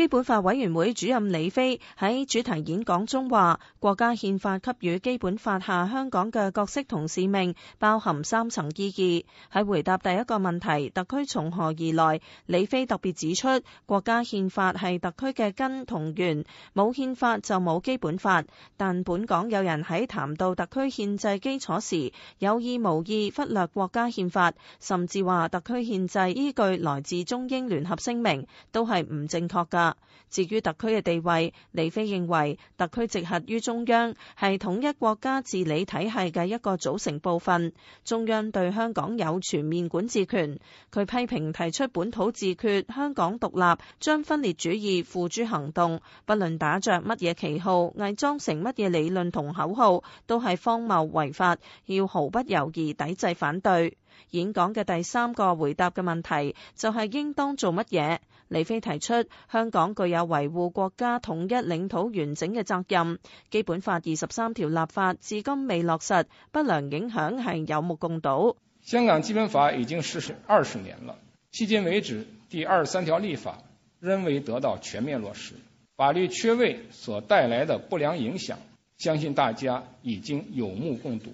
基本法委員會主任李飛喺主題演講中話，國家憲法給予基本法下香港嘅角色同使命，包含三層意義。喺回答第一個問題，特區從何而來，李飛特別指出國家憲法係特區嘅根同源，冇憲法就冇基本法。但本港有人喺談到特區憲制基礎時，有意無意忽略國家憲法，甚至話特區憲制依據來自中英聯合聲明，都係唔正確㗎。至於特區嘅地位，李飛認為特區直轄於中央，係統一國家治理體系嘅一個組成部分，中央對香港有全面管治權。佢批評提出本土自決、香港獨立，將分裂主義付諸行動，不論打着乜嘢旗號，偽裝成乜嘢理論同口號，都係荒謬違法，要毫不猶豫抵制反對。演講嘅第三個回答嘅問題就係應當做乜嘢？李飛提出，香港具有維護國家統一、領土完整嘅責任。基本法二十三條立法至今未落實，不良影響係有目共睹。香港基本法已經實施二十年了，迄今為止，第二十三條立法仍未得到全面落實。法律缺位所帶來的不良影響，相信大家已經有目共睹。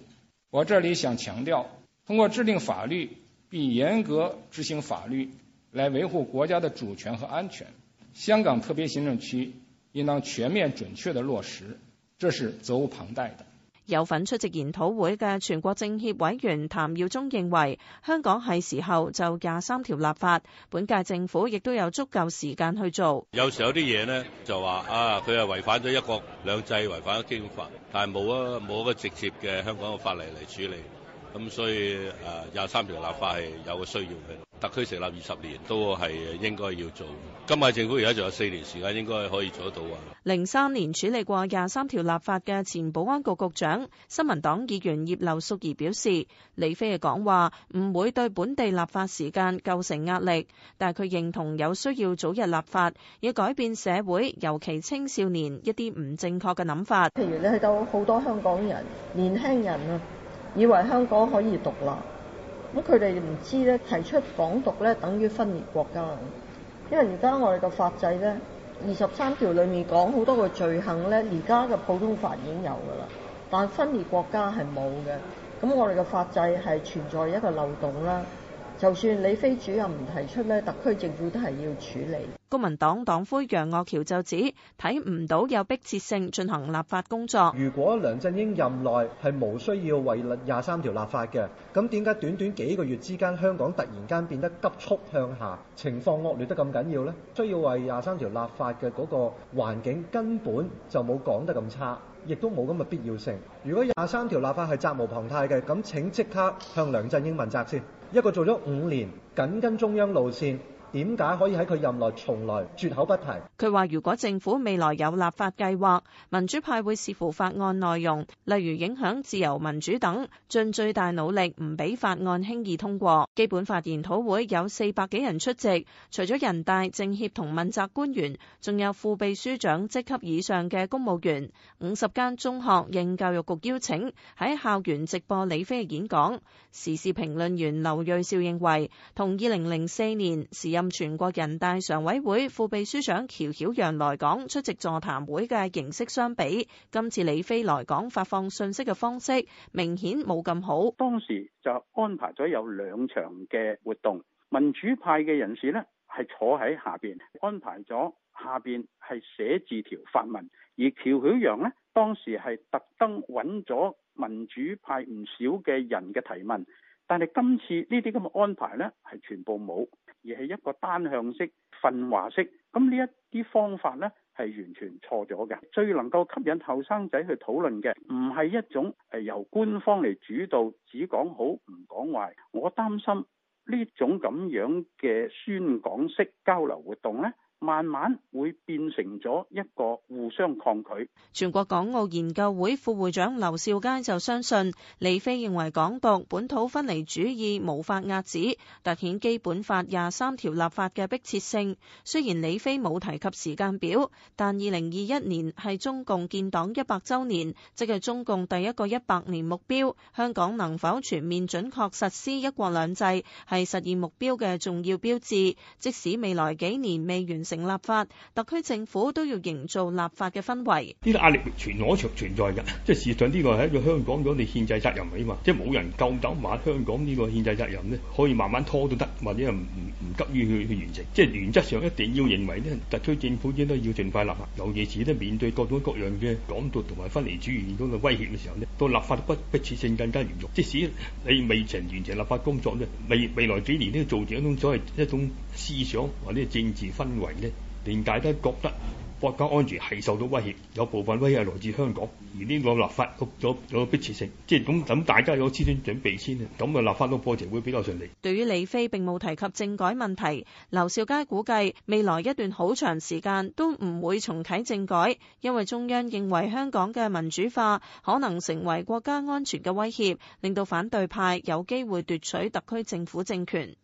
我這裏想強調，通過制定法律並嚴格執行法律，來維護國家的主權和安全。香港特別行政區應當全面、準確地落實，這是責無旁貸的。有份出席研討會嘅全國政協委員譚耀宗認為，香港係時候就廿三條立法，本屆政府亦都有足夠時間去做。有時候啲嘢呢，就話啊，佢係違反咗一國兩制，違反咗基本法，但係冇啊冇一個直接嘅香港嘅法例嚟處理。咁所以誒，廿三條立法係有個需要嘅，特區成立二十年都係應該要做。今屆政府而家仲有四年時間應該可以做得到啊。零三年處理過廿三條立法嘅前保安局局長、新民黨議員葉劉淑儀表示，李飛嘅講話唔會對本地立法時間構成壓力，但係佢認同有需要早日立法，要改變社會，尤其青少年一啲唔正確嘅諗法。譬如你去到好多香港人、年輕人啊。以為香港可以獨立，咁佢哋唔知咧，提出港獨咧，等於分裂國家。因為而家我哋嘅法制咧，二十三條裏面講好多個罪行咧，而家嘅普通法已經有㗎啦，但分裂國家係冇嘅。咁我哋嘅法制係存在一個漏洞啦。就算李飛主任唔提出咧，特區政府都係要處理。公民黨黨魁楊岳橋就指，睇唔到有迫切性進行立法工作。如果梁振英任內係無需要為廿三條立法嘅，咁點解短短幾個月之間香港突然間變得急速向下，情況惡劣得咁緊要呢？需要為廿三條立法嘅嗰個環境根本就冇講得咁差，亦都冇咁嘅必要性。如果廿三條立法係責無旁貸嘅，咁請即刻向梁振英問責先。一個做咗五年，緊跟中央路線。點解可以喺佢任內從來絕口不提？佢話：如果政府未來有立法計劃，民主派會視乎法案內容，例如影響自由民主等，盡最大努力唔俾法案輕易通過。基本法研討會有四百幾人出席，除咗人大政協同問責官員，仲有副秘書長職級以上嘅公務員。五十間中學應教育局邀請喺校園直播李飛嘅演講。時事評論員劉瑞兆認為，同二零零四年時任。同全國人大常委會副秘書長喬曉陽來港出席座談會嘅形式相比，今次李飛來港發放信息嘅方式明顯冇咁好。當時就安排咗有兩場嘅活動，民主派嘅人士呢，係坐喺下邊，安排咗下邊係寫字條發問，而喬曉陽呢，當時係特登揾咗民主派唔少嘅人嘅提問。但係今次呢啲咁嘅安排呢，係全部冇，而係一個單向式、訓話式，咁呢一啲方法呢，係完全錯咗嘅。最能夠吸引後生仔去討論嘅，唔係一種由官方嚟主導，只講好唔講壞。我擔心呢種咁樣嘅宣講式交流活動呢。慢慢會變成咗一個互相抗拒。全國港澳研究會副會長劉兆佳就相信，李飛認為港獨本土分離主義無法遏止，凸顯基本法廿三條立法嘅迫切性。雖然李飛冇提及時間表，但二零二一年係中共建黨一百周年，即係中共第一個一百年目標。香港能否全面準確實施一國兩制，係實現目標嘅重要標誌，即使未來幾年未完。成立法，特區政府都要營造立法嘅氛圍。呢啲壓力全可長存在噶，即係事實上呢個係一個香港咗，你憲制責任啊嘛，即係冇人夠膽話香港呢個憲制責任咧，可以慢慢拖都得，或者係唔唔唔急於去去完成。即係原則上一定要認為咧，特區政府應該要盡快立法。尤其是咧面對各種各樣嘅港獨同埋分離主義嗰個威脅嘅時候咧，到立法不迫切性更加嚴重。即使你未曾完成立法工作咧，未未來幾年都要做住一種所謂一種思想或者政治氛圍。連大家覺得國家安全係受到威脅，有部分威脅係來自香港，而呢個立法局咗有，有迫切性，即係咁咁大家有先端準備先，咁啊立法個過程會比較順利。對於李飛並冇提及政改問題，劉少佳估計未來一段好長時間都唔會重啟政改，因為中央認為香港嘅民主化可能成為國家安全嘅威脅，令到反對派有機會奪取特區政府政權。